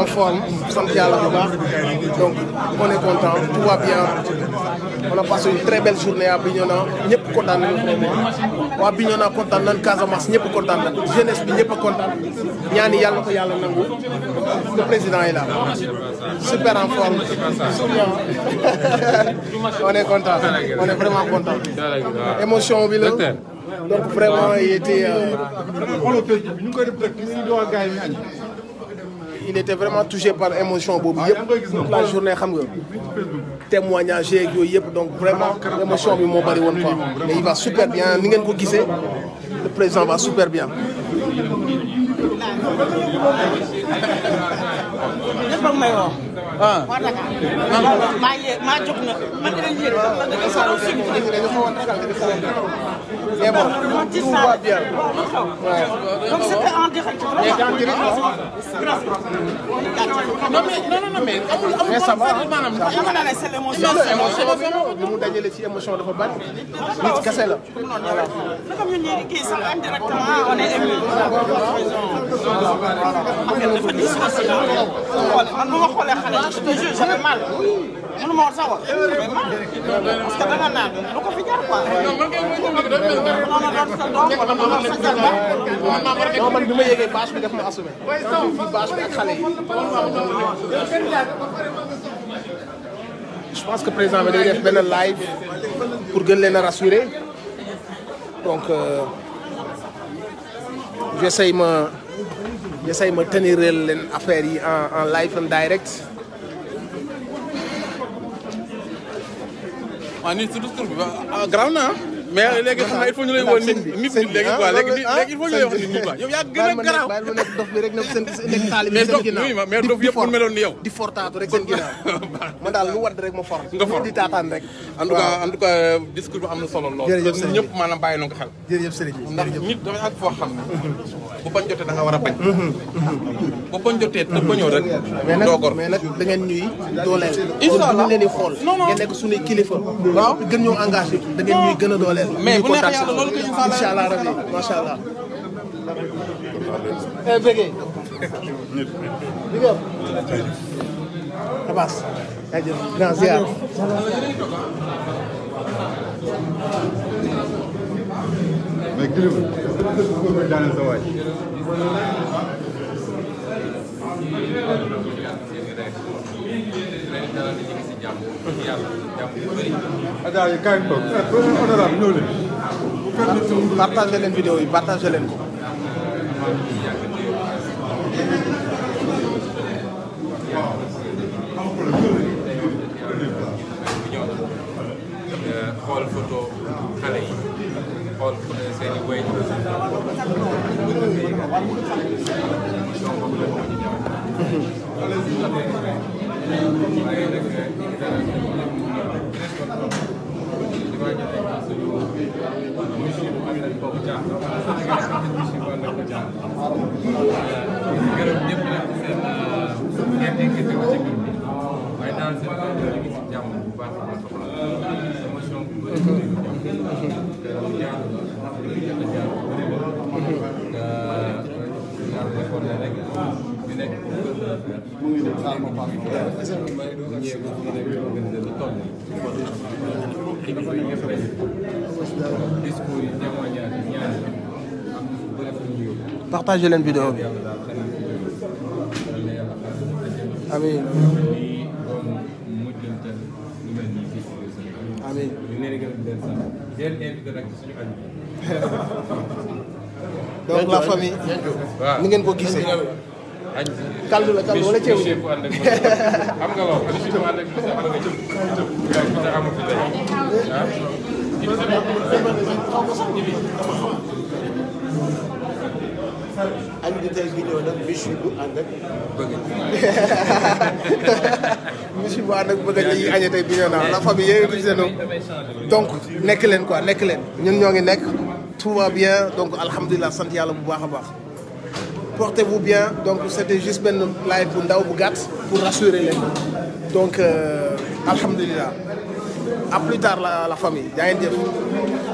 en forme sant yàlla bu baax donc on est content tout va bien on a une très belle journée à Bignona ñëpp kontaan nañu vraiment waa Bignona kontaan nañ Casamance ñëpp kontaan jeunesse bi ñëpp a ñaan ñaani yàlla ko yàlla nangu le président est là super en forme on est content on est vraiment content émotion bi la donc vraiment il était. il était vraiment touché par émotion boobu yëpp toute la journée xam nga témoignage yeeg yooyu yëpp donc vraiment émotion bi moo bëri woon quoi mais il va super bien ni ngeen ko gisee le président va super bien ah waaw Dakar. maa yé maa jóg na man dinañ yéen man dinañ soxla suñu kër. mais bon tout va bien. donc c'était en direct vraiment. non mais non non mais amul amul. mais ça va maanaam xam naa ne c'est l'émotion. li mu dajale ci émotion dafa bari. nit kese la. voilà. comme ñun ñii kii sax indirectement on est ému. voilà. affaire dafa diis aussi. man bu ma xoolee xale je te jure j'avais mal mënu ma woon sax wax j'avais mal parce que danga naan lu ko fi jar quoi. non man bi ma yëgee bâche bi daf ma assumé. bâche bi ak xale yi. je pense que président bi day def benn live pour gën leen a rassurer donc euh, j'essaye ma j'essaye ma tenir leen affaire yi en en live en direct. waaw nii si discours bi ah, garaaw na ah. mais léegi xam nga il faut ñu lay woon nit mi léegi léegi léegi il ñu lay wax nit ma mais dof da nga war a bañ mhm. ñuy dooleel incha allah ñu nekk suñuy kilifa waaw gën ñoo engagé da ñuy gën a leen. mais bu neexee yàlla loolu ko ñu incha allah rabi macha allah. bëggee. Abass. jaajëf adaayi kaay toog honorable ñëw leen partagé leen vidéo yi partagé leen ko xool photo xale yi xool photo gërëm ñëpp nag seen ngeen nekkee teew ci mbir mi waaye daal seen kàddu ñu ngi si jàmm bu baax a baax émotion bu bëri bu bëri bu jaar li muy jot a jaar bu bëri la rek ñu nekk mu ngi dem sama papa ñeeku ñu nekk organisé lu toll kilifa yi nga xam ne discours yi témoignage yi ñaar am bëri fu ñu yóbbu. partagé leen vidéo bi. amiin. amiin. donc la famille. ni ngeen ko gisee. kaldu la kaldu wala ceeb xam nga añ bi bu ànd ak bëgg michu bu ànd ak bëgg la ñuy añee tey famille yooyu utilisé donc nekk leen quoi nekk leen ñun ñoo ngi nekk tout bien donc alhamdulilah sant yàlla bu baax a baax portez-vous bien donc c'était juste benn live bu ndaw bu gat pour rassurer leen donc euh, alhamdulilah à plus tard la la famille jaa ngeen jëf